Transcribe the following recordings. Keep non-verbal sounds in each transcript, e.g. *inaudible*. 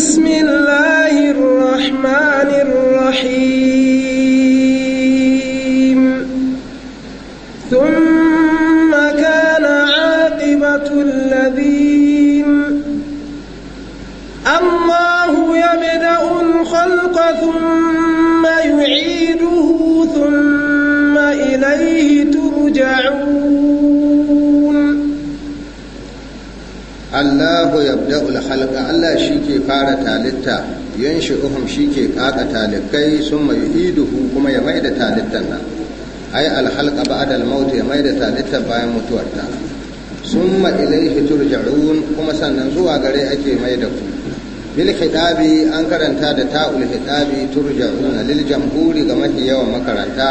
بسم الله الرحمن الرحيم ثم كان عاقبة الذين الله يبدأ الخلق ثم Allahu yabda'ul halqa Allah shike fara talitta uhum shike kaka talikai sun mai iduhu kuma ya maida talittan nan ai al ba'da al ya ya maida talittan bayan mutuwarta summa ilaihi turja'un kuma sannan zuwa gare ake maida ku bil hidabi an karanta da ta'ul hidabi turja'un lil jamhuri ga mafi yawan makaranta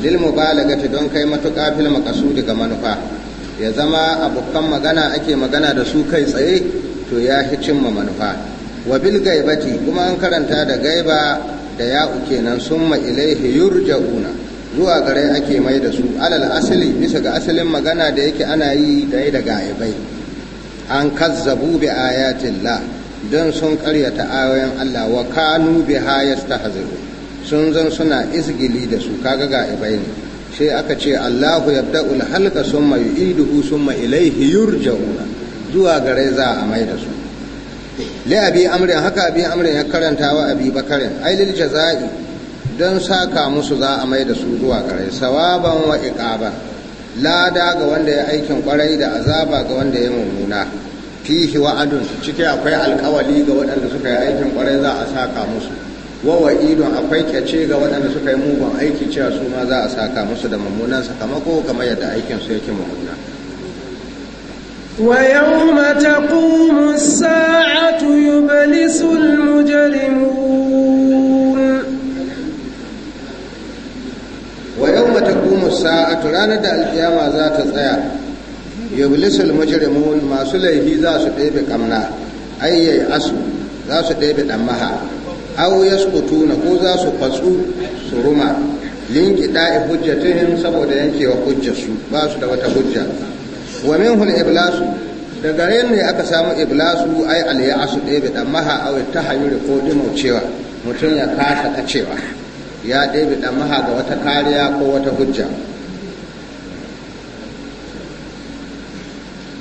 lil mubalagati don kai matuƙa fil maqsudi ga manufa ya zama abokan magana ake magana da su kai tsaye to ya fi cimma manufa wa bil gaibati kuma an karanta da gaiba da ya ya'u kenan sun ilaihi yurja'una zuwa gare ake mai da su alal asali bisa ga asalin magana da yake ana yi da da gaibai an kazzabu bi ayatillah don sun karyata ayoyin Allah wa kanu biha yastahzi'un sun zan suna isgili da su kaga gaibai ne sai aka ce Allahu halka mai halqa sun yu'iduhu summa ilayhi yurja'una zuwa gare za a mai da su li abi amrin haka abi amrin ya karanta wa abi bakarin ai jaza'i don saka musu za a mai da su zuwa gare sawaban wa iqaban lada ga wanda ya aikin kwarai da azaba ga wanda ya mummuna fihi wa'adun cike akwai alkawali ga waɗanda suka yi aikin kwarai za a saka musu wa idon akwai kyace ga waɗanda suka yi mugun aiki cewa su ma za a saka musu da mummunan sakamako kama yadda aikin su yake mummuna ويوم تقوم الساعة يبلس المجرمون ويوم تقوم الساعة رانا دا القيامة ذات تسعى يبلس المجرمون ما سليه ذا سبيب كمنا أي أسو ذا سبيب دمها aw yasqutuna ko za su fatsu su ruma linqida hujjatihim saboda yankewa hujjarsu ba su da wata hujja wa hul iblasu da gare ne aka samu iblasu ai alyasu ɗebe ɗan maha aw tahayyuri ko cewa mutum ya kasa ta cewa ya ɗebe ɗan maha ga wata kariya ko wata hujja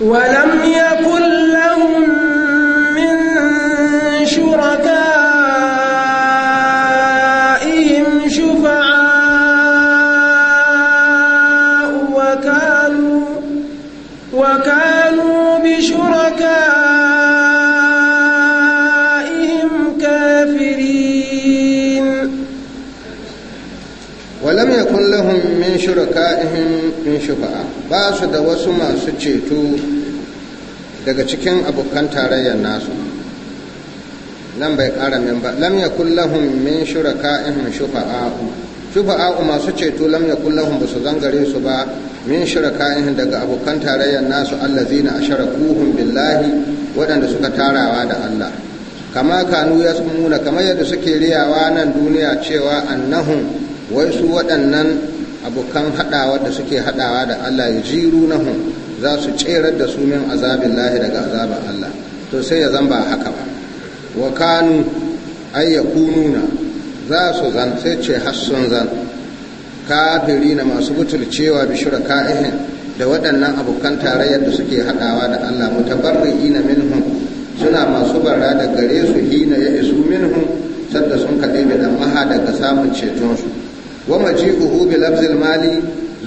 ولم يكن لهم من شركاء shufa'a ba su da wasu masu ceto daga cikin abokan tarayyar nasu nan bai ƙara min ba lam ya lahum min shuraka'ihim shufa'a'u shufa'a'u masu ceto lam ya lahum ba su zangare su ba min shuraka'ihim daga abokan tarayyar nasu allazina asharakuhum billahi waɗanda suka tarawa da Allah kama kanu yasmuna kamar yadda suke riyawa nan duniya cewa annahum wai su waɗannan abokan haɗawa da suke haɗawa da Allah ya jiru nahu zasu za su cerar da su azabin lahi daga azabin Allah to sai ya zan haka ba wa kanu ayyakununa za su zan sai ce hassun zan kafiri na masu butulcewa bi ka'ihin da waɗannan abokan tarayyar da suke haɗawa da Allah mutabarri'ina minhum suna masu bara da gare su hina ya isu minhum sadda sun kaɗe bi maha daga samun cetonsu wa uhu bi lafzin mali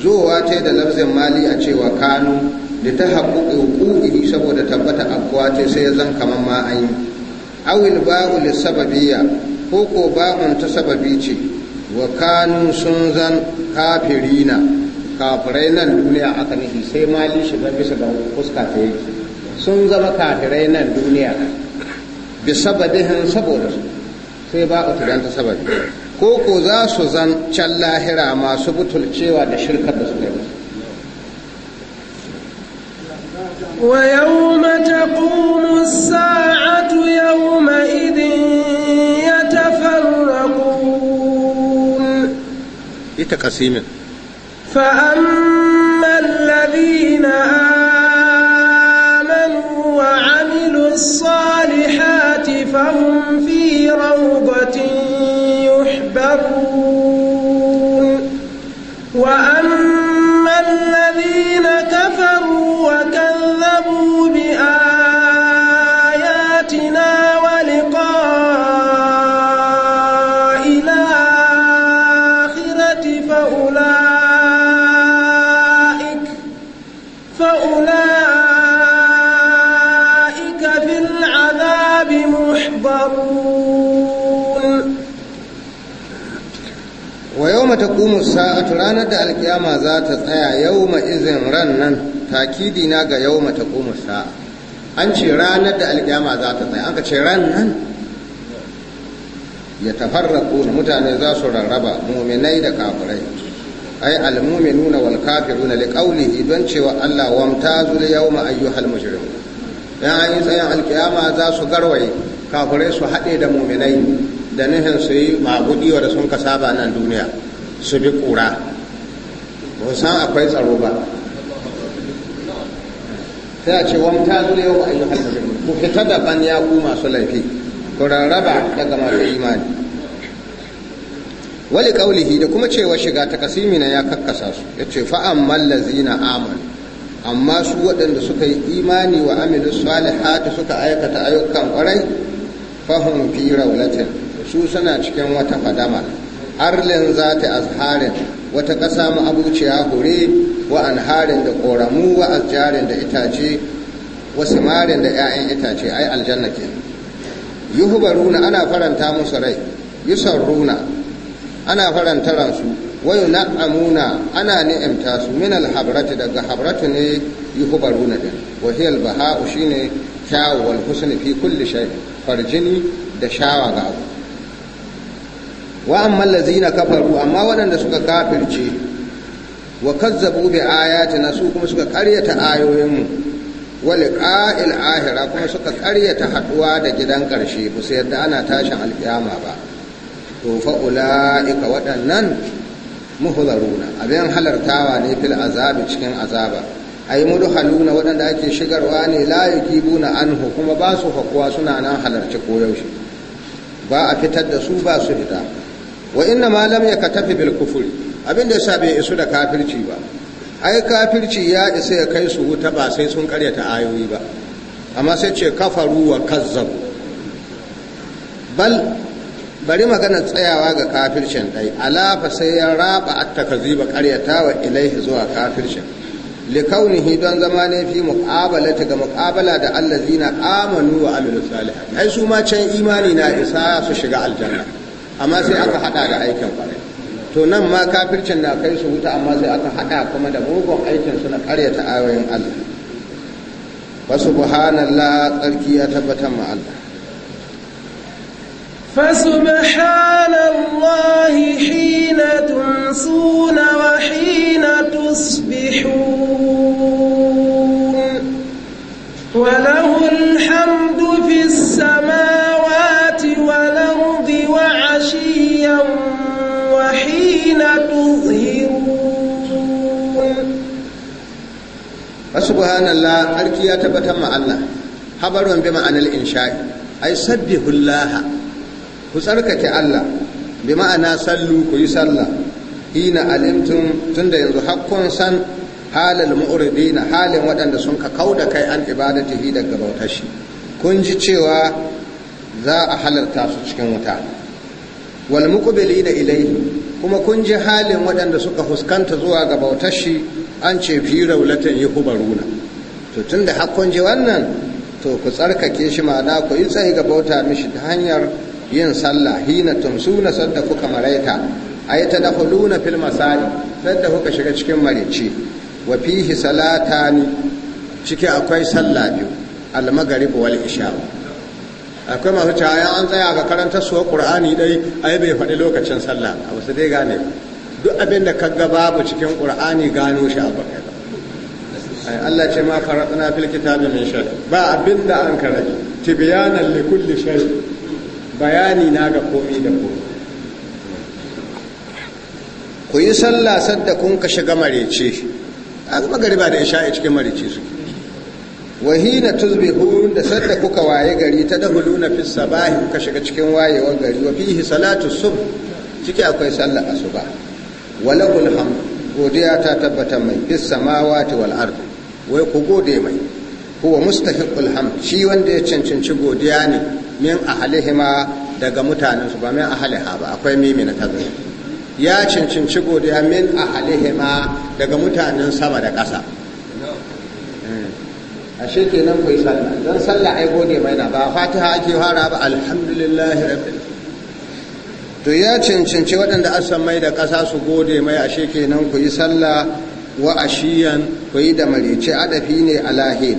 zuwa ce da lafzin mali a cewa kanu da ta haƙuƙi hukuki saboda tabbata abuwa ce sai ya zan kamar ma an yi awil ba'u li sababiyya ko ko ba'un ta sababi ce wa kanu sun zan kafirina kafirai nan duniya aka nufi sai mali shiga bisa ga fuska ta yake sun zama kafirai nan duniya bi sababihin saboda su sai ba'u ta sababi ko ko za su zan can lahira masu butulcewa da shirkar da suka yi ويوم تقوم الساعة يومئذ يتفرقون يتقسيم فأما الذين آمنوا وعملوا الصالحات فهم في روضة تكبرون ta taqumu sa'atu ranar da alkiyama za ta tsaya yawma izin ran nan takidi na ga ta taqumu sa'a an ce ranar da alkiyama za ta tsaya an ka ce ran nan ya tafarraku mutane za su rarraba muminai da kafirai ai almuminuna wal kafiruna liqaulihi don cewa Allah wamtazul yawma ayyuhal mujrim dan an yi tsayin alkiyama za su garwaye kafirai su hade da muminai da nihin su yi magudi wa da sun kasaba nan duniya su bi kura ba san akwai tsaro ba sai a ce wani ta zule yau ayyukan mujrimin ku fita daban ya ku masu laifi ku rarraba daga masu imani wali kaulihi da kuma cewa shiga ta kasimina ya kakkasa su ya ce fa'an mallazina aman amma su waɗanda suka yi imani wa amilu salihati suka aikata ayyukan kwarai, fahimfi raulatin su suna cikin wata fadama harlin zata ta azharin wata ƙasa mu abuciya hure wa anharin da ƙoramu wa azjarin da itace wasu marin da 'ya'yan itace ai aljanna ke yuhubaruna ana faranta musu rai yusarruna ana faranta ransu wayu na'amuna ana ni'imta su min alhabrati daga habratu ne yuhubaruna din wa hiyal baha'u shine kyawu wal husn fi kulli shay farjini da shawa ga abu wa amma lazina kafaru amma waɗanda suka kafirce wa kazzabu bi na su kuma suka karyata ayoyinmu wa liqa'il ahira kuma suka karyata haduwa da gidan karshe ba sai yadda ana tashi alkiyama ba to fa ulaika waɗannan muhdaruna abin halartawa ne fil azabi cikin azaba ai mudhaluna waɗanda ake shigarwa ne la yakibuna anhu kuma ba su hakuwa suna nan halarci koyaushe ba a fitar da su ba su fita wa inna ma lam yakatafi bil kufri abin da yasa bai isu da kafirci ba ai kafirci ya isa ya kai su wuta ba sai sun karyata ayoyi ba amma sai ce kafaru wa kazzab bal bari magana tsayawa ga kafircin dai alafa sai ya raba at-takziba wa ilaihi zuwa kafircin likaunihi don zama ne fi muqabalati ga muƙabala da allazina amanu wa amilu salihat ai su ma can imani na isa su shiga aljanna amma sai aka hada da aikin kwarai to nan ma kafircin na kai su wuta amma sai aka hada kuma da mugun aikin su na karyata ayoyin Allah fa subhanallah tsarki ya tabbatar ma Allah hina tunsuna wa hina وحين wa lahu alhamdu fis samaa tuzhirun subhanallah arki ya tabbatar ma Allah habarun bi ma'anal insha'i ai sabbihullah ku tsarkake Allah bi ma'ana sallu ku yi sallah hina alimtum tunda yanzu hakkun san halal mu'ridina halin waɗanda sun ka kauda kai an ibadatihi daga bautar shi kun ji cewa za a halarta su cikin wuta wal muqbilina ilayhi kuma kun ji halin waɗanda suka fuskanta zuwa ga bautar shi an ce fi raulatan yi hubaruna to tun da hakkun ji wannan to ku tsarkake shi ma'ana ku yi tsayi ga bauta mishi ta hanyar yin sallah hina tumsuna sadda kuka maraita a yi ta ay na fil masali sadda kuka shiga cikin marici wa fihi salatani ciki akwai sallah biyu almagarib wal ishawa. akwai masu cewa an tsaya ga karantar suwa qur'ani dai ai bai faɗi lokacin sallah ba wasu dai gane duk abin da ka ga babu cikin ƙur'ani gano shi a bakai ai Allah ce ma karatuna fil kitabi min shari. ba abin da an karaji tibyanan li kulli shay bayani na ga komai da komai ku yi sallah sadda kun ka shiga marece a magariba da isha'i cikin marece suke wahina tuzbihun da sadda kuka waye gari ta dahuluna fi sabahi kuka shiga cikin wayewar gari wa fihi salatu sun. ciki akwai sallar asuba walakul ham godiya ta tabbata mai fi samawati wal ardi wai ku gode mai huwa mustahiqul ham shi wanda ya cancanci godiya ne min ahlihima daga mutanen su ba min ahliha ba akwai mimi na kaza ya cancanci godiya min ahlihima daga mutanen sama da ƙasa ashe kenan ku yi sallah don sallah ai gode mai na ba fatiha ake fara ba alhamdulillah to ya cancanci waɗanda asan mai da ƙasa su gode mai ashe kenan ku yi sallah wa ashiyan ku yi da marice adafi ne alahin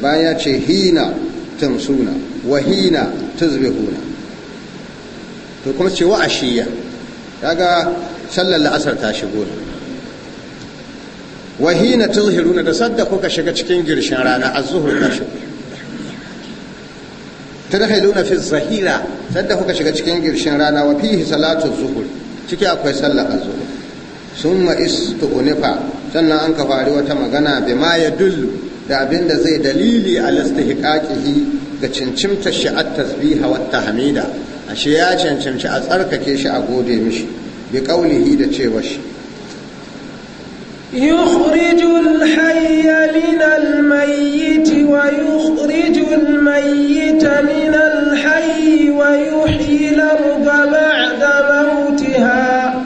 bayan ya ce hina tamsuna wa hina tuzbihuna to kuma ce wa ashiyan kaga sallar la'asar ta shigo ne wahina tulhiruna da sadda kuka shiga cikin girshin rana az-zuhr kashi tadkhuluna fi zahira sadda kuka shiga cikin girshin rana wa fihi salatu zuhur ciki akwai sallar az-zuhr summa istu'nifa sannan an ka fari wata magana bima yadullu da abinda zai dalili al istihqaqihi ga cincimta shi'at tasbiha wa tahmida ashe ya cancanci a tsarkake shi a gode mishi bi qaulihi da cewa shi يخرج الحي من الميت ويخرج الميت من الحي ويحيي الأرض بعد موتها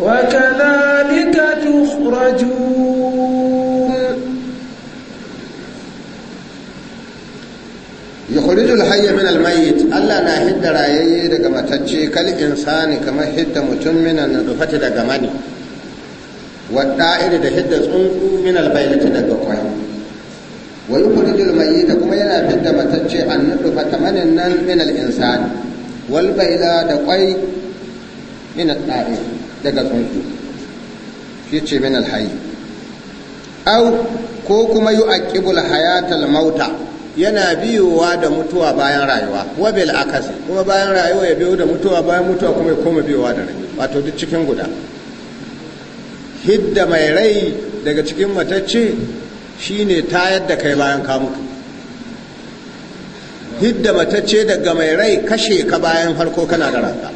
وكذلك تخرجون يخرج الحي من الميت ألا نهد رأيه دقمتك كالإنسان كما هد متن من النطفة دقمني wadda'ir da hidda tsuntsu من البيلة daga kwai wa yukhrijul mayyita kuma yana fidda matacce an nudufa tamanin nan min al-insani wal baila da kwai min al daga tsuntsu shi ce yana biyowa da mutuwa bayan rayuwa wa bil akasi kuma bayan rayuwa ya biyo da mutuwa bayan mutuwa kuma ya koma biyowa da rayuwa, wato duk cikin guda hidda mai rai daga cikin matacce shine tayar da kai bayan ka mutu hidda matacce daga mai rai kashe ka bayan farko kana da ranka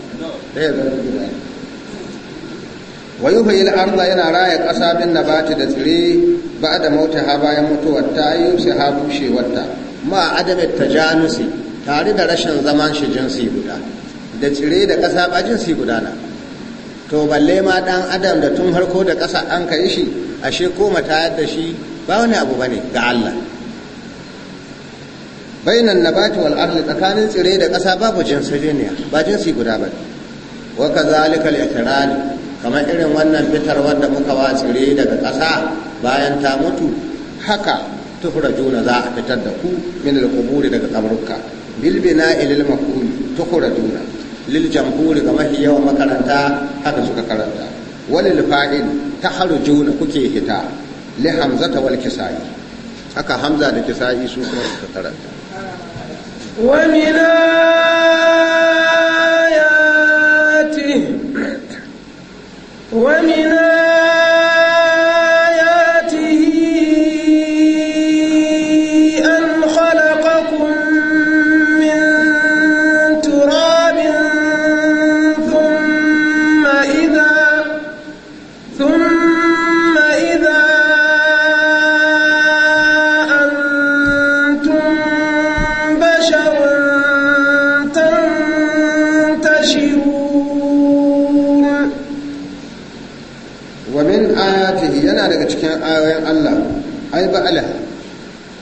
wa yuhyil arda yana raya ƙasa bin nabati da tsire ba da ha bayan mutuwar ta yi yusi ha bushewarta ma adamin tajanusi tare da rashin zaman shi jinsi guda da tsire da ƙasa ba jinsi guda na to balle ma dan adam da tun harko da kasa an kai shi ashe ko tayar da shi ba wani abu bane ga Allah bainan nabati wal ardi tsakanin tsire da kasa babu jinsiriniya ba jinsi guda ba wa kazalika al kamar irin wannan fitar wanda muka wa tsire daga ƙasa bayan ta mutu haka juna za a fitar da ku min al daga kaburka bil bina ilal maqul juna. liljamhuri ga mafi yawan makaranta haka suka karanta walil fa'il taharujuna kuke hita li ta wal kisai haka hamza da kisai su kuma suka karanta wa ba'ala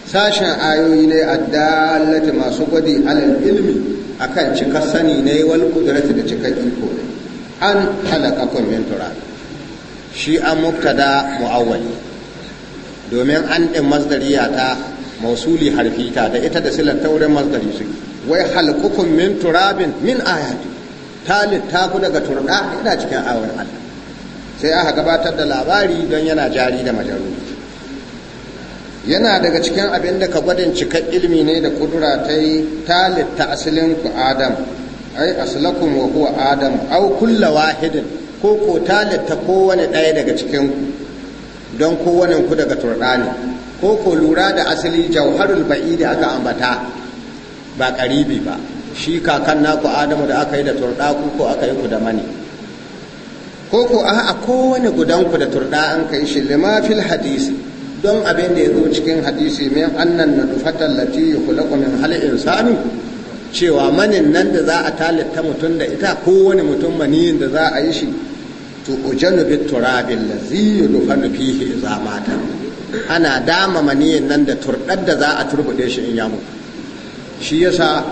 sashen ayoyi ne addallata masu gwadi alal ilmi kan cika sani ne wani kudurata da cika iko ne an halaka min turab shi an muktada muawwali domin an din masdariya ta mausuli ta da ita da silar taurin masdari suke wai halkukum min turabin min ayati ta littaku daga turka ina cikin awon Allah sai aka gabatar da labari don yana jari da majaru yana daga cikin abin da ka gwadin cikar ilmi ne da kudura ta yi ta asalin ku adam ai asalakun wa huwa adam au kulla wahidin ko ko talitta kowane ɗaya daga cikin ku don kowane ku daga turɗani ko ko lura da asali jauharul ba'i da aka ambata ba ƙaribi ba shi kakan naku adamu da aka yi da turɗaku ko aka yi ku da mani ko ko a kowane gudanku da turɗa an kai shi lima fil hadisi don abin da ya zo cikin hadisi min annan na dufatan lati yukhlaqu min hal insani cewa manin nan da za a talitta mutum da ita ko wani mutum maniyin da za a yi shi to ujanu bit turabil ladhi yudfanu fihi idza mata ana dama maniyin nan da turdar da za a turbude shi in yamu shi yasa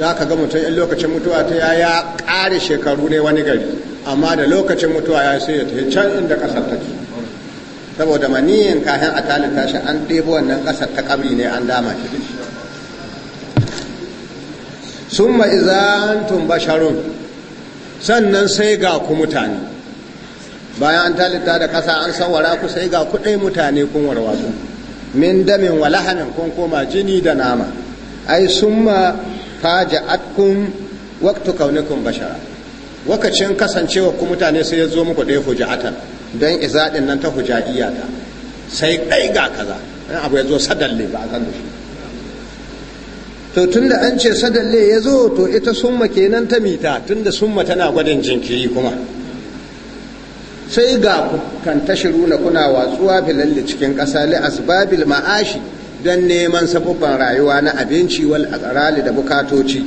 za ka ga mutum in lokacin mutuwa ta ya ya kare shekaru ne wani gari amma da lokacin mutuwa ya sai ya ta can inda ƙasar take saboda maniyin kahin a talita shi an ɗebo wannan ƙasar ta ƙabri ne an dama shi da shi sun basharun sannan sai ga ku mutane bayan an talita da ƙasa an sawara ku sai ga kuɗai mutane kun warwatsu min damin walahanin kun koma jini da nama ai sun ma faja'atkun waktu kaunikun bashara wakacin kasancewa ku mutane sai ya zo muku ɗaya fuja'atan don izaɗin nan ta hujaiya ta sai ɗai ga kaza abu ya zo sadalle ba a san da shi to tun da an ce sadalle ya zo to ita summa kenan ta mita tun da summa tana gwadin jinkiri kuma sai ga kan tashi na kuna watsuwa filalle cikin ƙasa li asbabil ma'ashi don neman sabubban rayuwa na abinci wal da bukatoci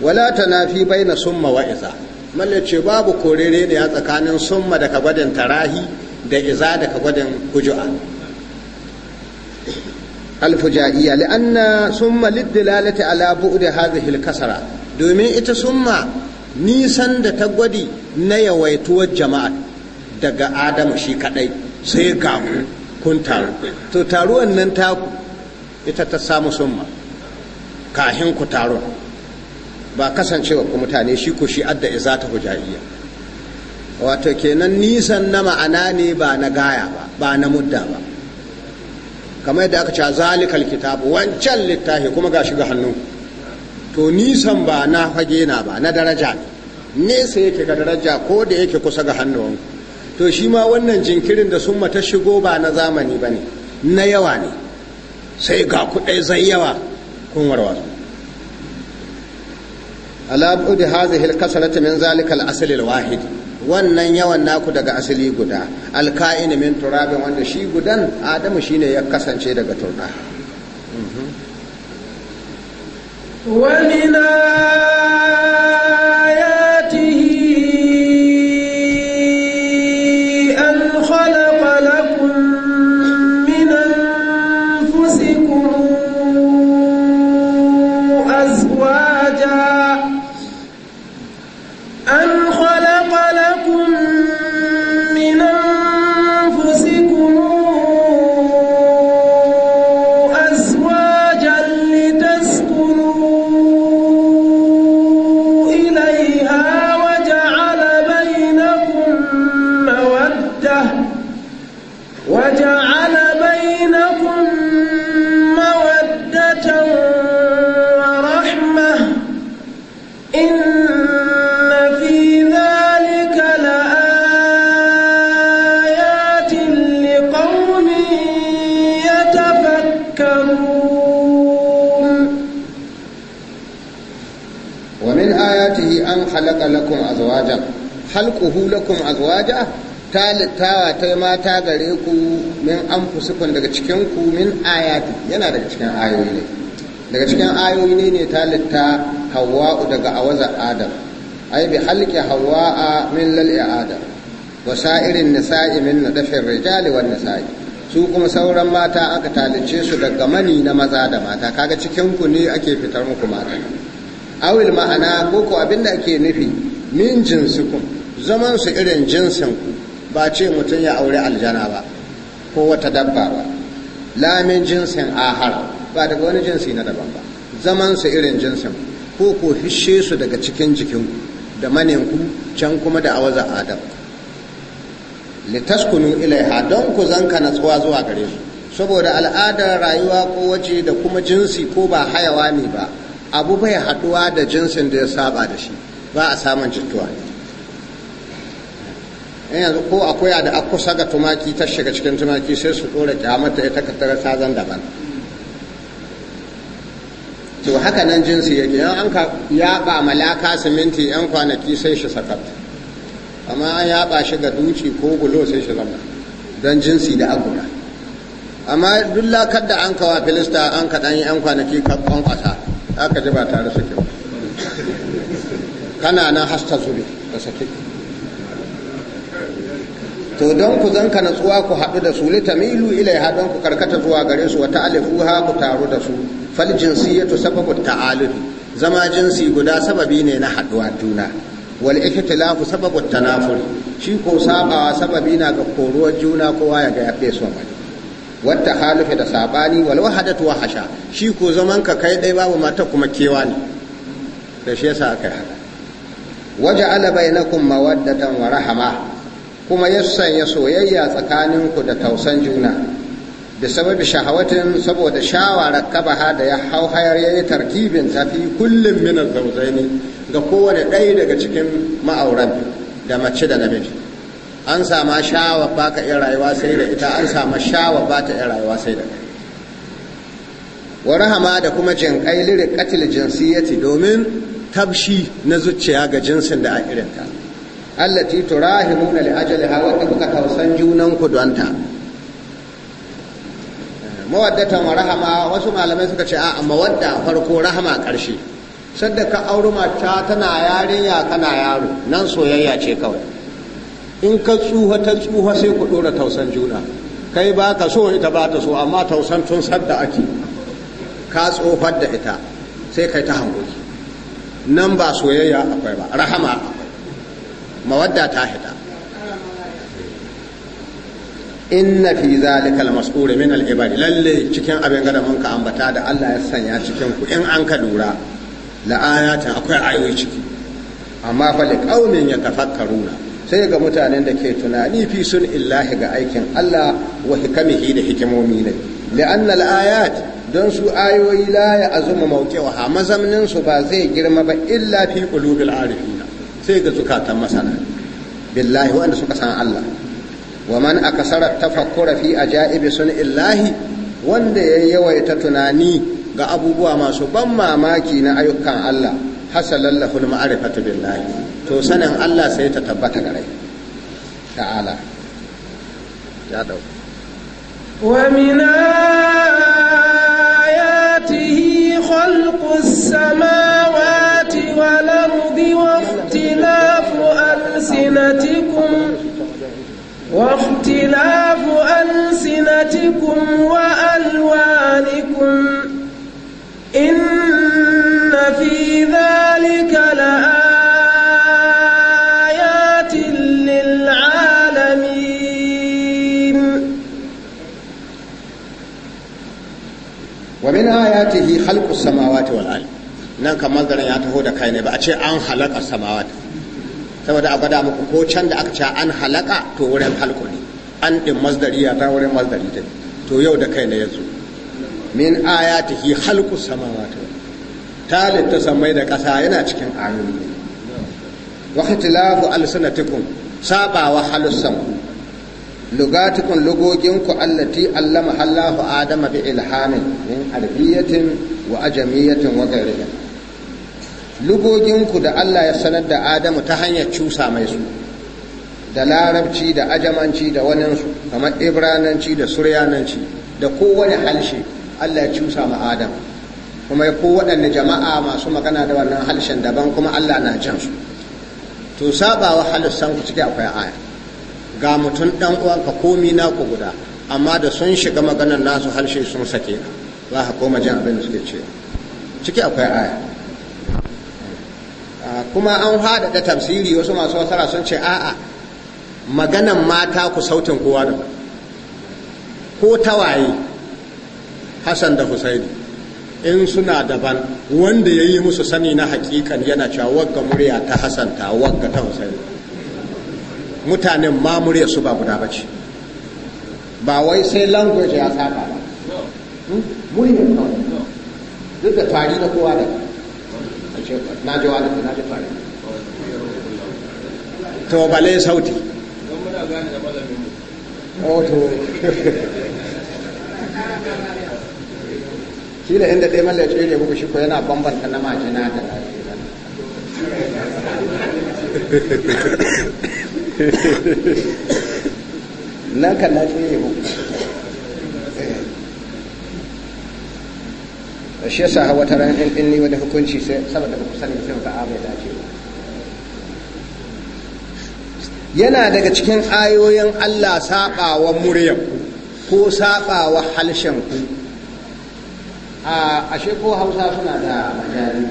wala ta bai baina summa wa iza mallar ce babu korere ne a tsakanin summa daga gwadin tarahi da iza daga gwadin hujua alfujaiya li'anna summa liddilalati ala bu'di hadhihi alkasara domin ita summa nisan da ta gwadi na yawaituwar jama'a daga adamu shi kadai sai ga kun taru to taruwan nan taku ita ta samu summa kahin ku ba kasancewa ku mutane shi ku shi adda izata hujaiya wato kenan nisan na ma'ana ne ba na gaya ba ba na mudda ba kamar yadda aka ce zalikal kitabu wancan littafi kuma ga shiga hannu to nisan ba na fage na ba na daraja ne nesa yake ga daraja ko da yake kusa ga hannuwan to shi ma wannan jinkirin da sun mata shigo ba na zamani ba ne na yawa ne sai ga kuɗai zai yawa kun warwatsu ala budi hadhihi al min zalika alasl alwahid wahid wannan yawan naku daga asali guda alka'in min turabin wanda shi gudan adamu shine ya kasance daga turba wa lakum azwaja ta littawa ta mata gare ku min fusukun daga cikin ku min ayati yana daga cikin ayoyi ne daga cikin ayoyi ne ne ta litta hawa'u daga awazar adam ai bi halqi hawa'a min lal adam wa sa'irin nisa'i min nadafin rijali wan nisa'i su kuma sauran mata aka talice su daga mani na maza da mata kaga cikin ku ne ake fitar muku mata awil ma'ana ko ko abinda ake nufi min jinsukum zaman su irin jinsin ku ba ce mutum ya aure aljana ba ko wata dabba ba lamin jinsin ahar ba daga wani jinsi na daban ba zaman su irin jinsin ko ko fishe su daga cikin jikinku da maninku can kuma da awaza adam litaskunu ilaiha don ku zanka natsuwa zuwa gare su saboda al'adar rayuwa ko waje da kuma jinsi ko ba hayawa ne ba abu bai haɗuwa da jinsin da ya saba da shi ba a samun jituwa ne in yanzu ko akwai da a kusa ga tumaki ta shiga cikin tumaki sai su ɗora kyamata ya taka tara sazan daban to haka nan jinsi yake yan an ka yaɓa malaka siminti yan kwanaki sai shi sakat amma an yaɓa shi ga duci ko gulo sai shi zama don jinsi da aguna amma duk lakar da an kawa filista an ka ɗanyi yan kwanaki ka kwasa aka ji ba tare suke kana nan hasta zube da sakiki to don ku zanka natsuwa ku haɗu da su litamilu ilai haɗon ku karkata zuwa gare su wa ha ku taru da su fal jinsi jinsiyatu sababu ta'alufi zama jinsi guda sababi ne na haɗuwa juna wal tilafu sababu tanafuri shi ko sabawa sababi na ga koruwar juna kowa ya ga ya fesu mai wata halufe da sabani wal wahadatu wahasha shi ko zaman ka kai dai babu mata kuma kewa ne da shi yasa aka yi haka waje ala bainakum mawaddatan wa rahama kuma ya sanya soyayya tsakaninku da tausan juna da sababi shahawatin saboda shawarar kabaha da ya hau hayar yayi tarkibin tafi kullum minar zauzaini ga kowane ɗaya daga cikin ma'auran da mace da namiji an sama shawar ba ka iya rayuwa sai da ita an sama shawar ba ta iya rayuwa sai da wa rahama da kuma jinƙai lirik katil domin tabshi na zuciya ga jinsin da a irinta allati turahimuna li ajaliha wadda kuka tausan junan ku don mawaddatan wa rahama wasu malamai suka ce a mawadda farko rahama karshe sadda ka auri mata tana yarinya kana yaro nan soyayya ce kawai in ka tsuha ta tsuha sai ku dora tausan juna kai ba ka so ita ba ta so amma tausan tun sadda ake ka tsofar da ita sai kai ta hankali nan ba soyayya akwai ba rahama mawadda ta hita inna fi zalika al-mas'ul min al lalle cikin abin gada ka ambata da Allah ya sanya cikin ku in an ka lura la akwai ayoyi ciki amma fa li qaumin yatafakkaruna sai ga mutanen da ke tunani fi sun illahi ga aikin Allah wa hikamihi da hikimomi ne li'anna al-ayat don su ayoyi la ya azuma mawqi'uha mazamnin mazamninsu ba zai girma ba illa fi qulubil arifin sai ga zukatan masana billahi wanda suka san Allah wa man akasara tafakkura fi ajaibi sunillahi wanda ya yawaita tunani ga abubuwa masu ban mamaki na ayyukan Allah hasalallahu ma'rifatu billahi to sanin Allah sai ta tabbata gare ta'ala ya dau wa min ayatihi khalqus sama واختلاف ألسنتكم وألوانكم إن في ذلك لآيات للعالمين ومن آياته خلق السماوات والأرض nan kamar garin ya taho da kai ne ba a ce an halaka samawati saboda a gwada muku ko can da aka ce an halaka to wurin halko ne an din ya ta wurin masdari ta to yau da kai na yanzu min hi halqu samawati talib ta samai da ƙasa yana cikin ayoyi wa ikhtilafu alsanatikum sabawa halussan lugatukun lugoginku allati allama Allahu Adama bi ilhamin min arabiyatin wa ajamiyatin wa ghairihi lugoginku da Allah ya sanar da Adamu ta hanyar cusa mai su da larabci da ajamanci da waninsu kamar ibrananci da suryananci da kowane halshe Allah ya cusa ma Adam kuma ya ko waɗanne jama'a masu magana da wannan halshen daban kuma Allah na jan su to sabawa halussan ku ciki akwai aya ga mutum ɗan uwanka komi naku guda amma da sun shiga maganar nasu harshe sun sake ka za ka koma jan abin da suke ce ciki akwai aya kuma an hada da tafsiri wasu masu wasara sun ce a'a maganan mata ku sautin kowa da ko tawaye hassan da husaini in suna daban wanda ya yi musu sani na hakikan yana cewa wagga murya ta hassan ta wagga ta husaini mutanen ma murya su ba guda ba ce ba wai sai language ya saba ba hmm? murya kawai duk da tari na kowa da na ji wani na ji fari to sauti oh, *laughs* shi da inda ɗaya tsere shi ko yana bambanta na majina da na *laughs* kan na tsere to shi yasa wata ran in din ni wani hukunci sai saboda ku sani sai ga abai da ce yana daga cikin ayoyin Allah sabawa muryarku ko sabawa halshen ku a ashe ko Hausa suna da majali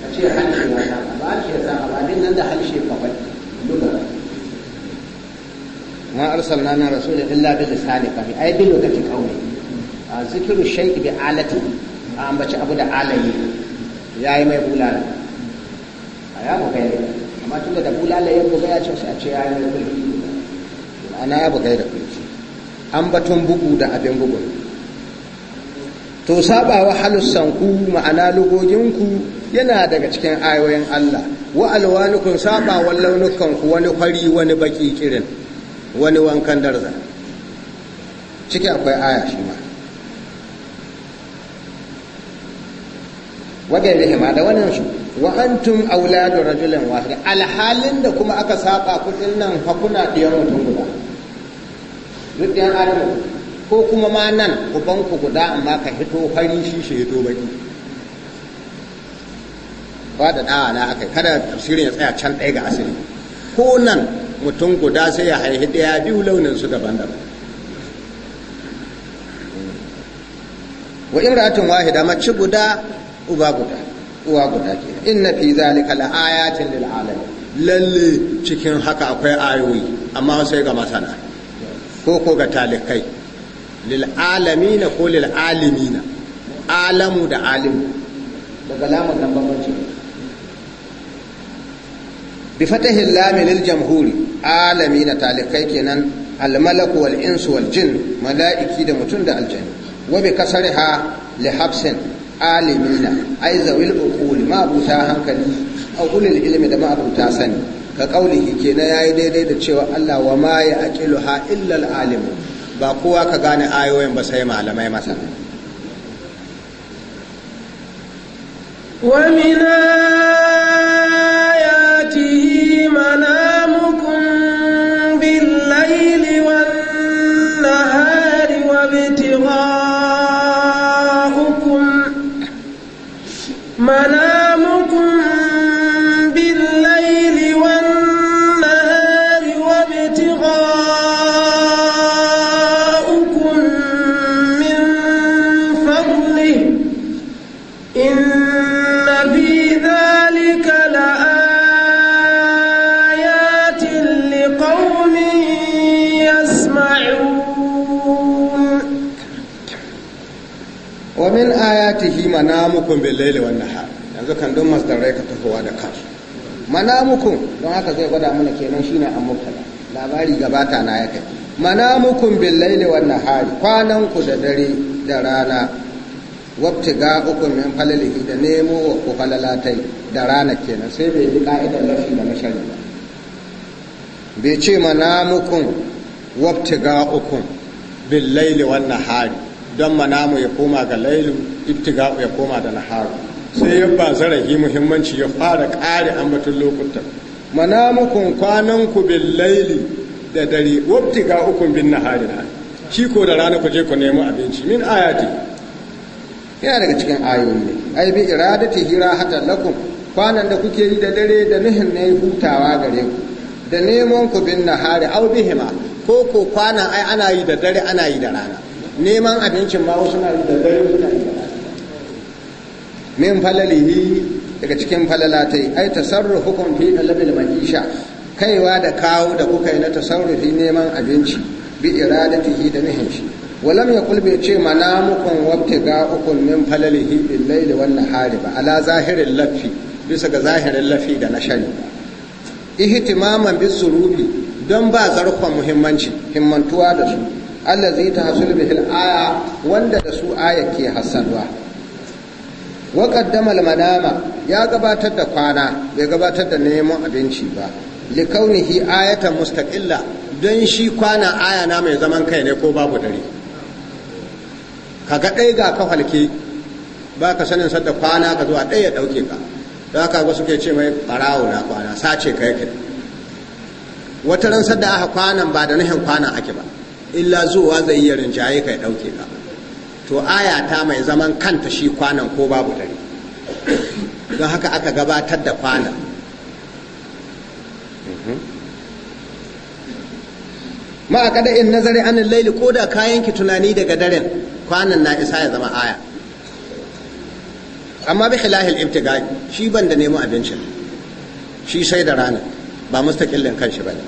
a ce halshe na saba ba ce ya saba ba din nan da halshe ba ba ma arsalna na rasulun illa bi lisani qawli ay bi lokacin qawli zikru shay'i bi alati a ambaci abu da alaye ya yi mai bulala a ya buga ya amma tun da bulala ya buga ya ce a ce ya yi mai bulala ana ya buga da An ambaton bugu da abin bugun to sabawa halussanku ma'ana lugoginku yana daga cikin ayoyin Allah wa alwanukun sabawan launukanku wani fari wani baki kirin wani wankan darza ciki akwai aya shi ma wa gairihima da wannan su wa antum auladu rajulin wahid alhalin da kuma aka saba kudin nan hakuna kuna mutum guda duk diyan adamu ko kuma ma nan uban ku guda amma ka hito fari shi shi hito baki ba da da'a na akai kada tafsirin ya tsaya can ɗaya ga asiri ko nan mutum guda sai ya haihi ɗaya biyu launin su daban-daban wa imra'atun wahida mace guda uba guda uwa guda ke inna fi zalika la ayatin lil alamin lalle cikin haka akwai ayoyi amma sai ga masana ko ko ga talikai lil alamin ko lil alimina alamu da alimu daga lamun nan bambanci bi fatahi lam lil jamhuri alamina talikai kenan al malaku wal insu wal jin malaiki da mutun da aljanna wa bi kasriha li habsin alimina ai zawil uqul ma abuta hankali aqulil ilmi da ma abuta sani ka kaulihi kenan yayi daidai da cewa Allah wa ma ya aqiluha illa al-alim ba kowa ka gane ayoyin ba sai malamai wa minan ya'tihi manamukum bil layli wan yanzu kan don masdarai ka tafowa da kansu Manamukun, don haka zai gwada mana kenan shine an mubtada labari gabata na ya kai manamukum bil wannan wan nahari kwanan ku da dare da rana wabtiga ukun min falalihi da nemo wa ku falalatai da rana kenan sai bai yi ka'idar lafi da mashari ba bai ce manamukun wabtiga ukun bil layli wannan ha don manamu ya koma ga lailu ibtiga ya koma da naharu sai ya ba zarafi muhimmanci ya fara kare ambatun lokutan manamukun kwanan ku laili da dare wabtiga ukun bin nahari shi ko da rana ku je ku nemi abinci min ayati yana daga cikin ayoyi ne ai bi iradati hira hatta lakum kwanan da kuke yi da dare da nihin ne hutawa gare ku da neman ku bin nahari au bihima ko ko kwanan ai ana yi da dare ana yi da rana neman abincin ma wasu na yi da dare suna yi min falalihi daga cikin falalatai ai tasarrufukum fi talabil ma'isha kaiwa da kawo da kuka yi na tasarrufi neman abinci bi iradatihi da nihin shi walam yaqul bi ce ga wabtiga'ukum min falalihi bil layli wan nahari ba ala zahirin lafi bisa ga zahirin lafi da na shari ihtimaman bis surubi don ba zarfa muhimmanci himmantuwa da su allazi tahsul bihil aya wanda da su aya ke hasalwa wa qaddama manama ya gabatar da kwana bai gabatar da neman abinci ba likaunihi ayatan mustaqilla don shi kwana aya na mai zaman kai ne ko babu dare ka ga ɗaya ga kafalke ba ka sanin sadda kwana ka zuwa ɗaya ya ɗauke ka za ka wasu ke ce mai ɓarawo na kwana sace ka yake wata ran sadda aka kwanan ba da nuhin kwana ake ba illa zuwa zai iya rinjaye ka ya ɗauke ka to aya ta mai zaman kanta shi kwanan ko babu dare don haka aka gabatar da kwanan ma a kada in nazari anin laili ko da kayan ki tunani daga daren kwanan na isa ya zama aya amma bi khilahil ibtigai shi ban da nemo abincin shi sai da rana ba mustaqillin kanshi bane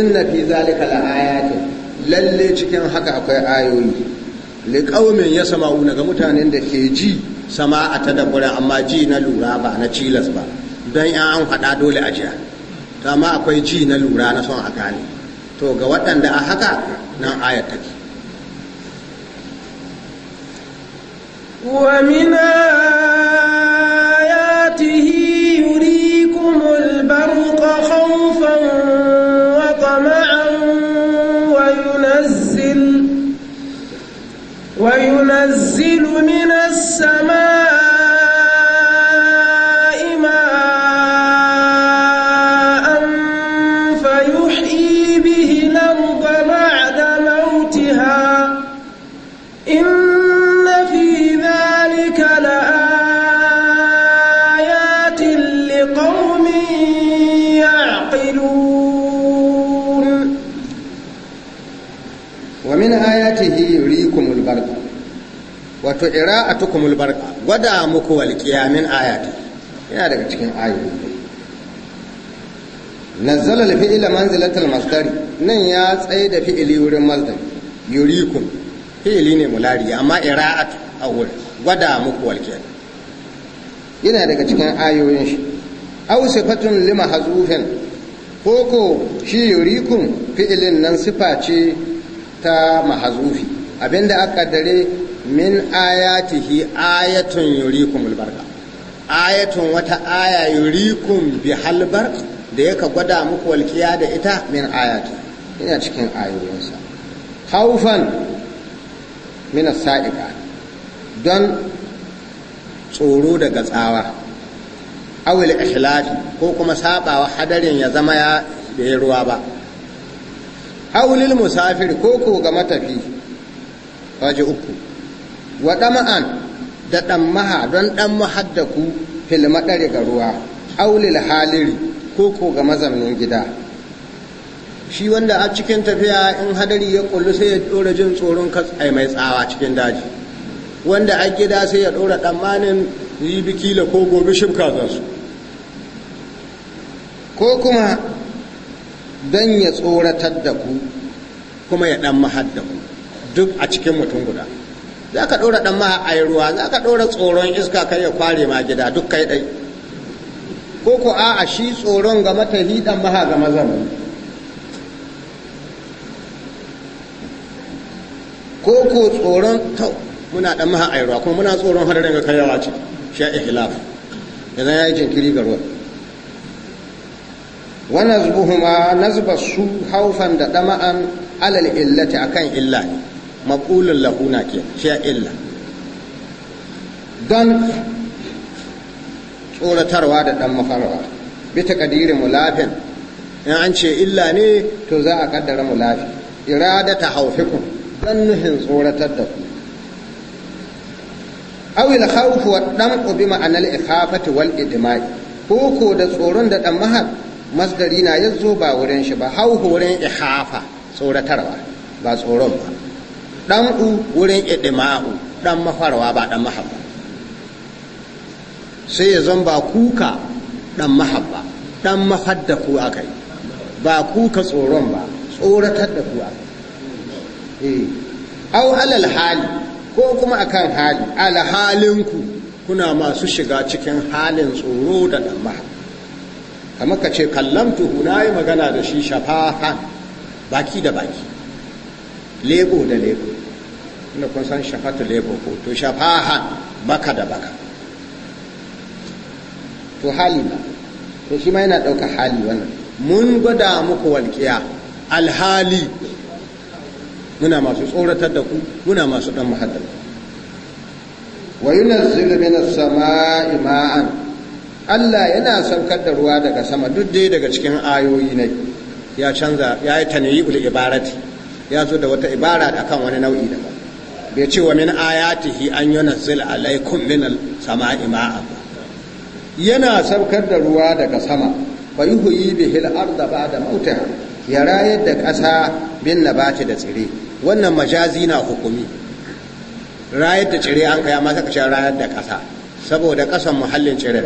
inna fi zalika la ayatin lalle cikin haka akwai ayoyi liƙaumin ya sama'una ga mutanen da ke ji sama a ta tadabburin amma ji na lura ba na cilas ba don yan an faɗa dole a jiya ta amma akwai ji na lura na son a gane to ga waɗanda a haka nan ayar take وينزل من السماء ira a tukumul barka gwada muku walƙiya min ayati yana daga cikin ayoyi nazzala fi'il manzilatul masdari nan ya tsaye da fi'ili wurin masdari yurikum fi'ili ne mulari amma ira'at a wurin gwada muku walƙiya yana daga cikin ayoyin shi aw sifatun lima hazufin koko shi yurikum fi'ilin nan sifa ce ta mahazufi abinda aka dare min ayatihi ayatun yurikum albarka ayatun wata aya yurikum bi halbark da yaka gwada muku walkiya da ita min ayatu ina cikin ayoyinsa haufan min don tsoro daga tsawa awil ihlafi ko kuma sabawa hadarin ya zama ya bai ruwa ba awilil musafir ko ko ga matafi waje uku wa ɗama'an da ɗan maha don ɗan mahaddaku ku ɗari ga ruwa aulil haliri ko ko ga mazaunin gida shi wanda a cikin tafiya in hadari ya kullu sai ya ɗora jin tsoron katsai mai tsawa cikin daji wanda a gida sai ya ɗora tsammanin yi da ko gobe shimka zansu ko kuma don ya tsoratar da ku kuma ya ɗan ku duk a cikin mutum guda za ka ɗora ɗan ma a ruwa za ka ɗora tsoron iska kai ya kware ma gida duk kai ɗai ko ko a a shi tsoron ga matahi ɗan maha ga mazan ko ko tsoron tau muna ɗan maha a ruwa kuma muna tsoron hadarin ga kayawa ce shi a ihlaf idan ya yi jinkiri ga ruwan ma na zuba su haufan da ɗama'an alal illati akan illa ne maf'ulun lahu na ke shi illa don tsoratarwa da dan mafarwa bita kadiri mulafin in an ce illa ne to za a kaddara mulafi irada ta haufiku don nuhin tsoratar da ku awil khawfu wa dam'u bi ma'anal ikhafati wal idima'i ko da tsoron da dan mahal masdari na yazo ba wurin shi ba hauhu wurin ikhafa tsoratarwa ba tsoron ba ɗan'u wurin idima'u ɗan mafarwa ba ɗan mahabba sai ya zan kuka ɗan mahabba ɗan mafadda ku aka yi ba kuka tsoron ba tsoratar da ku aka yi eh, au alal hali ko kuma akan hali alhalinku kuna masu shiga cikin halin tsoro da ɗan mahabba kamar ka ce kallamtuhu na yi magana da shi shafahan baki da baki lebo da lebo inda kun san shafatu ko to shafahan baka da baka to hali ba to shi ma yana ɗauka hali wannan mun gwada muku walƙiya alhali muna masu tsoratar da ku muna masu ɗan mahaddar wa min as sama'i ma'an Allah yana saukar da ruwa daga sama duk dai daga cikin ayoyi ne ya canza ya yi tanayibul ibarati ya zo da wata ibara akan wani nau'i daban bai ce wa min ayatihi an yi yunzil alaikum min samai ma'a yana saukar da ruwa daga sama fa hil'ar bihil ba ba'da mauta ya rayar da ƙasa bin na nabati da tsire wannan majazi na hukumi rayar da tsire an kaya masa kashe rayar da ƙasa saboda ƙasan muhallin tsirin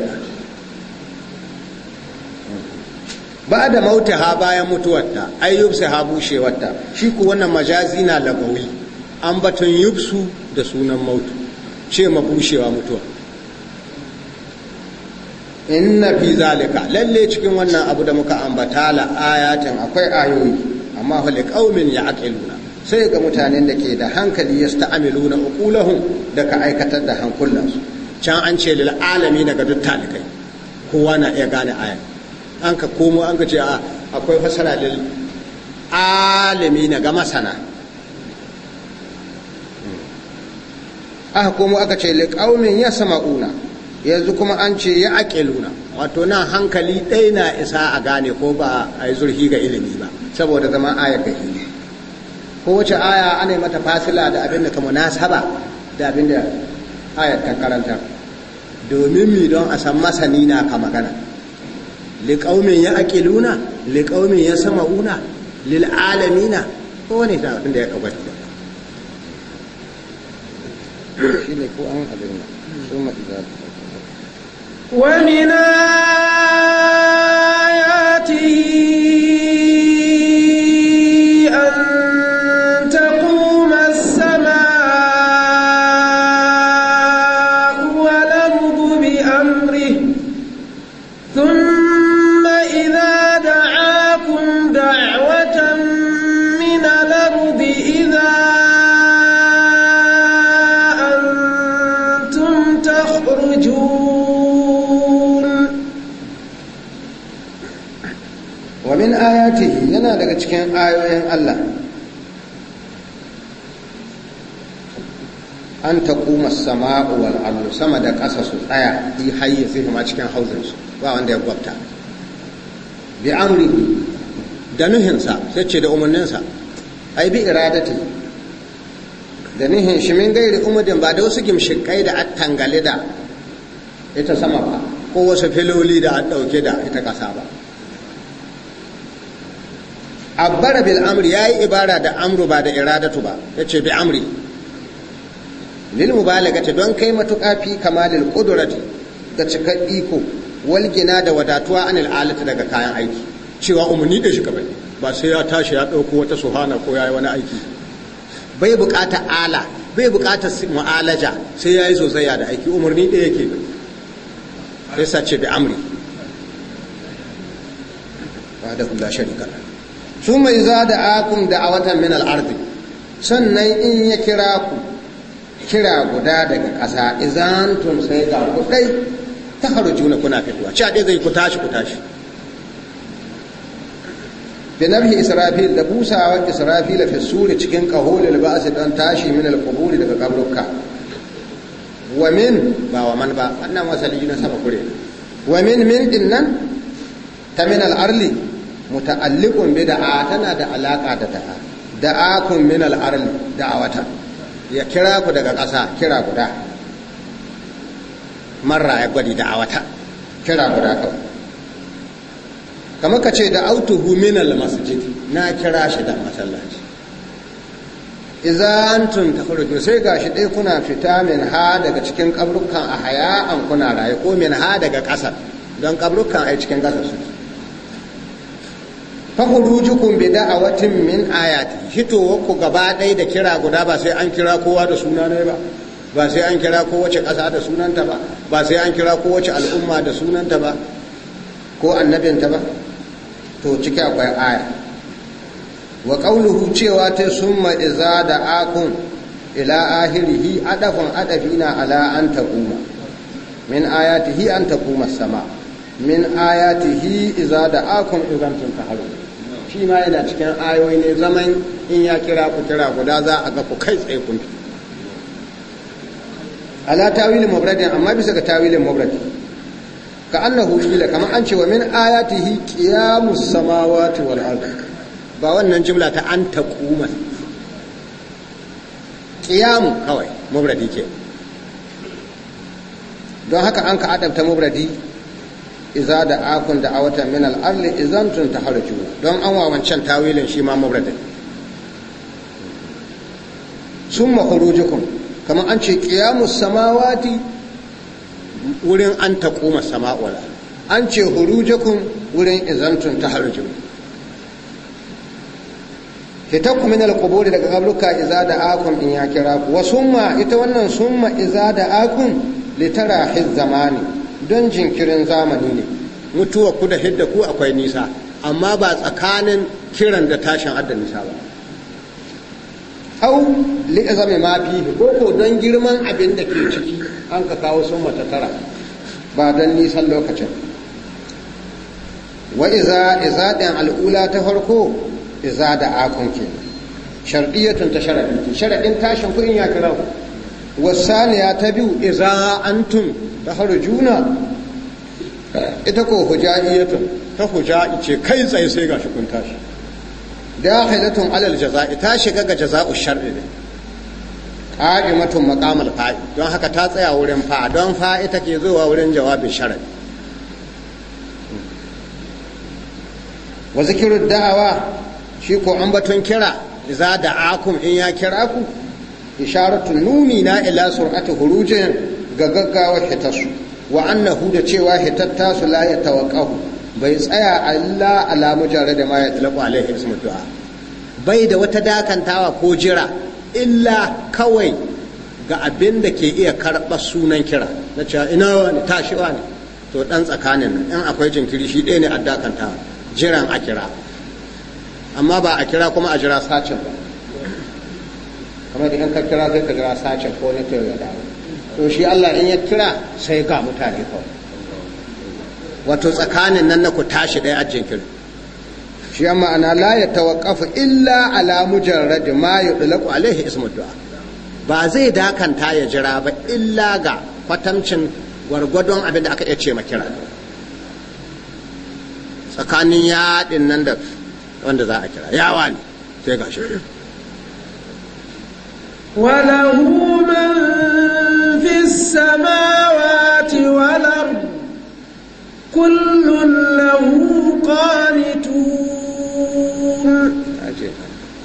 ba da ha bayan mutuwarta ayyub sa ha bushewarta shi ku wannan majazi na lagawi batun yubsu da sunan mautu ce mabushewa mutuwa inna fi zalika lalle cikin wannan abu da muka ambata la ayatin akwai ayoyi amma fa liqaumin ya'qiluna sai ga mutanen da ke da hankali yasta'amiluna uqulahum da ka aikatar da hankulansu can an ce lil alami daga duk talikai kowa na iya gane ayat an ka komo an ka ce akwai fasara lil alami na ga masana aka komo aka ce liƙaumin ya sama'una yanzu kuma an ce ya luna wato nan hankali ɗaya na isa a gane ko ba a yi zurfi ga ilimi ba saboda zama ayar ga hili wace aya ana mata fasila da abin da ka munasaba da abin da ayar ta karanta domin mi don a san masani na ka magana liƙaumin ya luna liƙaumin ya sama'una lil'alamina kowane da abin da ya kagwata shi ne ko an abin nan sun ومن suna daga cikin ayoyin Allah an ta kuma sama'u wal allu sama da ƙasa su tsaya yi hayye sai kuma cikin hauzinsu ba wanda ya gwabta bi amri da nuhinsa sai ce da umarninsa ai bi iradati da nuhin shi min gairi umudin ba da wasu gimshikai da a tangale da ita sama ba ko wasu filoli da a ɗauke da ita ƙasa ba abbara bil amri yi ibara da amru ba da iradatu ba Ya ce bi amri lil mubalagati don kai matuƙa fi kamalil qudrati ga cikar iko walgina da wadatuwa anil alati daga kayan aiki cewa umarni da shi kabari ba sai ya tashi ya ɗauko wata suhana ko ya yi wani aiki bai bukata ala bai bukata mu'alaja sai ya yi zozaya da aiki umarni ɗaya yake sai bi amri ba da kula shari'a za ثم da a watan من الأرض sannan in ya kira ku kira guda daga ƙasa tun sai ga ku dai ta haruji ne kuna fitowa ci ɗaya zai ku tashi ku tashi bi nabi israfil da busawa israfil fi suri cikin qahul al ba'th dan tashi min al daga kabrukka wa min ba wa man ba annan wasali na sama kure wa min min dinnan ta min al arli muta'alliqun bi da'a tana da alaka da da'a da'akun min al-arl da'awatan ya kira ku daga ƙasa kira guda marra ya gwadi da'awata kira guda kawai kamar ka ce da da'autuhu min al-masjid na kira shi da masallaci idan tun tafarruju sai gashi ɗaya kuna fita min ha daga cikin kabrukan a haya, an kuna raye ko min ha daga ƙasar don kabrukan a cikin ƙasar su fahurujukun bi da'awatin min ayati ku gaba ɗaya da kira guda ba sai an kira kowa da suna ne ba ba sai an kira kowace ƙasa da sunanta ba ba sai an kira kowace al'umma da sunanta ba ko annabinta ba to ciki akwai aya wa qauluhu cewa ta summa iza da akun ila ahirihi adafun adafina ala an taquma min ayatihi an taquma sama min ayatihi iza da akun idan tuntaharu shi ma yana cikin ayoyi ne zaman in ya kira ku ku guda za a ga ku kai tsaye kun ala tawilin mabradin amma bisa ga tawilin mabradin ka annahu kila kamar an ce wa min ayatihi qiyamus samawati wal ardi ba wannan jumla ta an taquma qiyamu kawai mabradi ke don haka an ka adabta mabradi iza da akun da awatan min al ardi idan tun taharju don an wawancan tawilin shi ma mubradin summa khurujukum kamar an ce qiyamus samawati wurin an taquma sama'ula an ce hurujukum wurin izantun ta taharujum fitakum min alqubur daga kabruka iza da akun in ya kira ku wa ma ita wannan sun ma iza da akun litara hiz zamani don jinkirin zamani ne mutuwa ku da hidda ku akwai nisa amma ba tsakanin kiran da tashin hadda nisa ba au liƙa zama ma fi ko don girman abin da ke ciki an ka kawo sun mata tara ba don nisan lokacin wa iza iza ɗin al'ula ta farko iza da akon ke sharɗiyatun ta sharaɗin sharaɗin tashin kuɗin ya kira wasaniya ta biyu iza antum ta juna. ita ko hujajiyatun ta huja'i ce kai tsaye sai gashi kun tashi hailatun alal jaza'i ta shiga ga jaza'u shar'i ne qa'imatun maqamul fa'i don haka ta tsaya wurin fa don fa ita ke zuwa wurin jawabin shar'i wa zikiru da'awa shi ko an batun kira da da'akum in ya kira ku isharatu nuni na ila sur'ati hurujin ga gaggawa hitasu wa annahu da cewa hitatta su la ya tawaqqahu bai tsaya Allah ala mujarrad ma ya talaqu alaihi ismu du'a bai da wata dakantawa ko jira illa kawai ga abin da ke iya karɓar sunan kira na cewa ina wani tashi wani to ɗan tsakanin in akwai jinkiri shi ɗaya ne a dakantawa jiran a kira amma ba a kira kuma a jira sacin ba kamar da in ka kira zai ka jira sacin ko wani ta ya dawo to shi Allah in ya kira sai ga mutane kawai wato tsakanin nan na ku tashi ɗaya a jinkiri shi amma ma'ana la ya tawaqqafu illa ala mujarrad ma yudlaqu alaihi ismu du'a ba zai dakanta ya jira ba illa ga kwatamcin gwargwadon abin da aka iya ce ma kira tsakanin yaɗin nan da wanda za a kira yawa ne sai ga shi وله السماوات والأرض كل له قانتون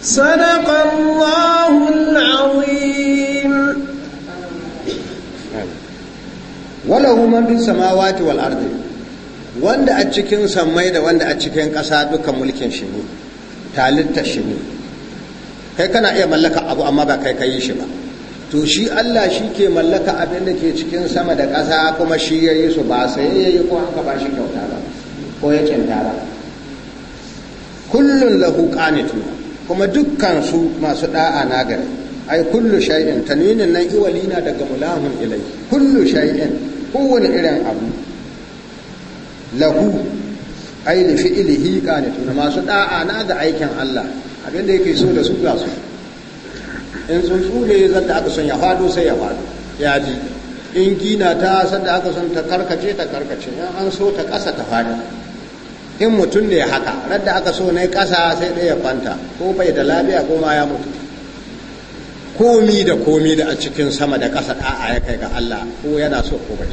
صدق الله العظيم وله من في السماوات والأرض wanda a cikin sammai da wanda a cikin ƙasa dukkan mulkin shi ne talitta shi ne kai kana iya mallaka abu amma ba kai kai shi ba to shi Allah shi ke mallaka abin da ke cikin sama da ƙasa kuma shi ya yi su ba sai ya yi ko an ka ba shi kyauta ba ko ya cinta ba kullun lahu qanitu kuma dukkan su masu da'a na gari ai kullu shay'in tanwinin nan iwalina daga mulahun ilai kullu shay'in kowane irin abu lahu ai li fi'lihi qanitu masu da'a na ga aikin Allah abin da yake so da su ga su in tsuntsu ne zan da aka son ya fado sai ya fado ya ji in gina ta sanda aka son ta karkace ta karkace in an so ta ƙasa ta fado in mutum ne haka radda aka so na ƙasa sai ɗaya fanta ko bai da lafiya ko ma ya mutu komi da komi da a cikin sama da ƙasa a'a ya kai ga Allah ko yana so ko bai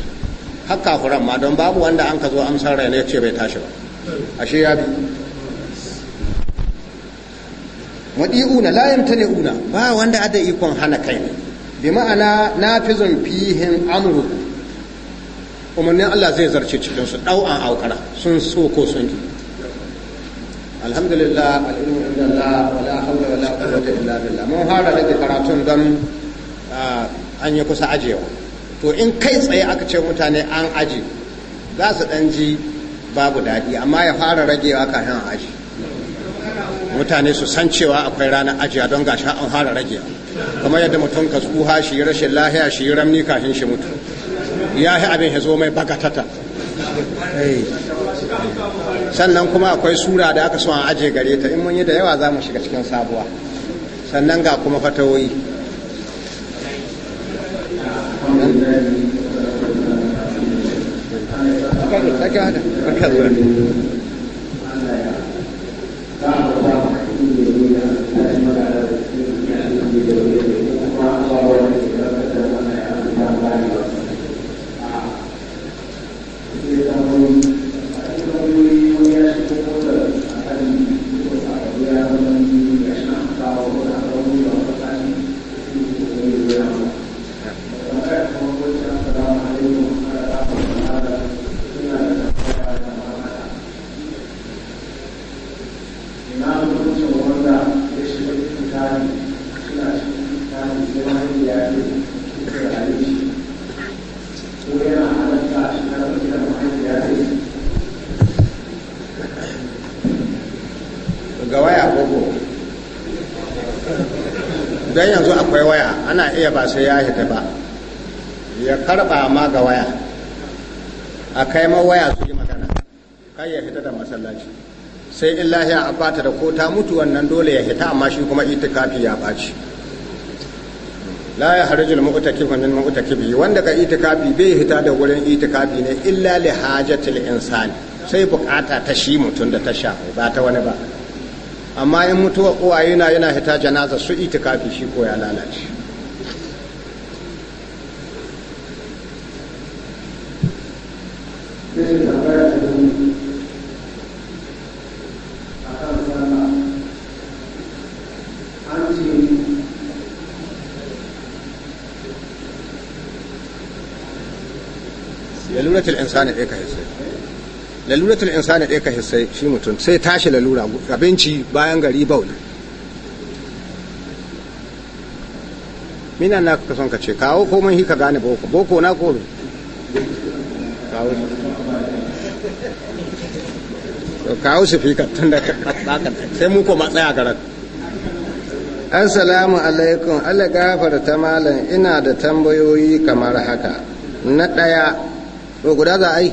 haka kuran ma don babu wanda an ka zo amsar rai ne ce bai tashi ba ashe ya bi wadi'una la yamtani'una ba wanda ada ikon hana kai ne bi ma'ana nafizun fihin amru umarnin Allah zai zarce cikin su dau'an aukara sun so ko sun ji alhamdulillah al'ilmu inda wala hawla wala quwwata illa billah mun fara daga karatun dan an yi kusa ajewa to in kai tsaye aka ce mutane an aji za su dan ji babu daɗi amma ya fara ragewa kafin aji mutane su san cewa akwai ranar ajiya don gashi an fara rage kamar yadda mutum ka tsuha shi rashin lahiya shi ramni kafin shi mutu ya yi abin ya zo mai bagatata sannan kuma akwai sura da aka so an aje gare ta in mun yi da yawa za mu shiga cikin sabuwa sannan ga kuma fatawoyi ya ba sai ya hita ba ya karba ma ga waya a kai ma waya su yi magana kai ya hita da masallaci sai in lahiya a bata da ko ta mutu wannan dole ya hita amma shi kuma itikafi ya baci la ya harajul mu'takif min mu'takibi wanda ka itikafi bai hita da wurin itikafi ne illa li hajatil insani sai bukata ta shi mutum da ta sha ba ta wani ba amma in mutuwa uwaye na yana hita janaza su itikafi shi ko ya lalace insani ɗaya ka hissai laluratul insani ɗaya ka hissai shi mutum sai tashi lalura abinci bayan gari bauli minan na ka son ka ce kawo komai mun hika gane boko boko na ko kawo kawo su fi tun da sai mu ko matsaya garar assalamu alaikum allah gafarta malam ina da tambayoyi kamar haka na ɗaya ko guda za a yi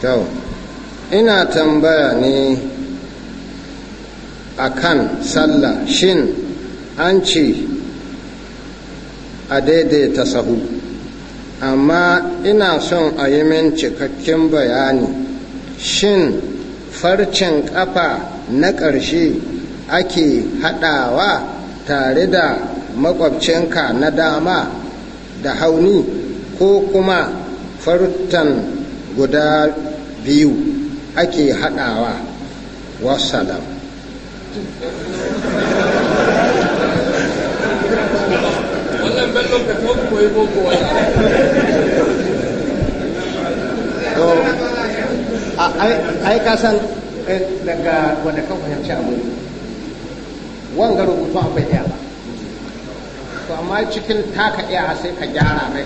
to ina tambaya ne akan sallah shin an ce a daidaita sahu amma ina son a yi min cikakken bayani shin farcen ƙafa na ƙarshe ake haɗawa tare da makwabcinka na dama da hauni ko kuma farutan guda biyu ake haɗawa wasalam ai ka san eh, daga wadda kan fahimci abu wanga rubutu akwai yaba amma cikin taka iya sai ka gyara mai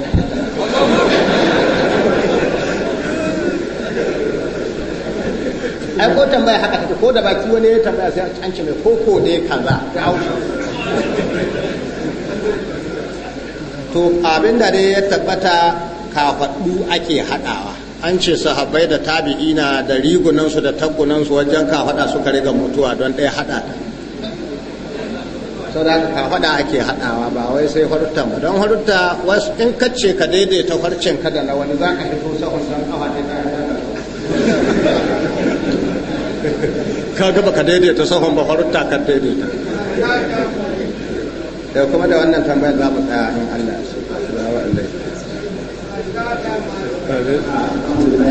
ai ko tambaya haka take ko da baki wani ya tambaya sai an ce mai dai ka kaza ta hausa to abin da dai ya tabbata kafaɗu ake haɗawa an ce sahabbai da tabi'ina da rigunansu da tagunansu wajen kafaɗa suka riga mutuwa don ɗaya haɗa ta sau da ka faɗa ake haɗawa ba wai sai harutta ba don harutta wasu in kacce ka daidaita farcen ka da na wani za ka fito sahun don awa ne da ka ga ka daidaita sahun ba harutta ka daidaita da kuma da wannan tambayar za mu tsaya in Allah ya so.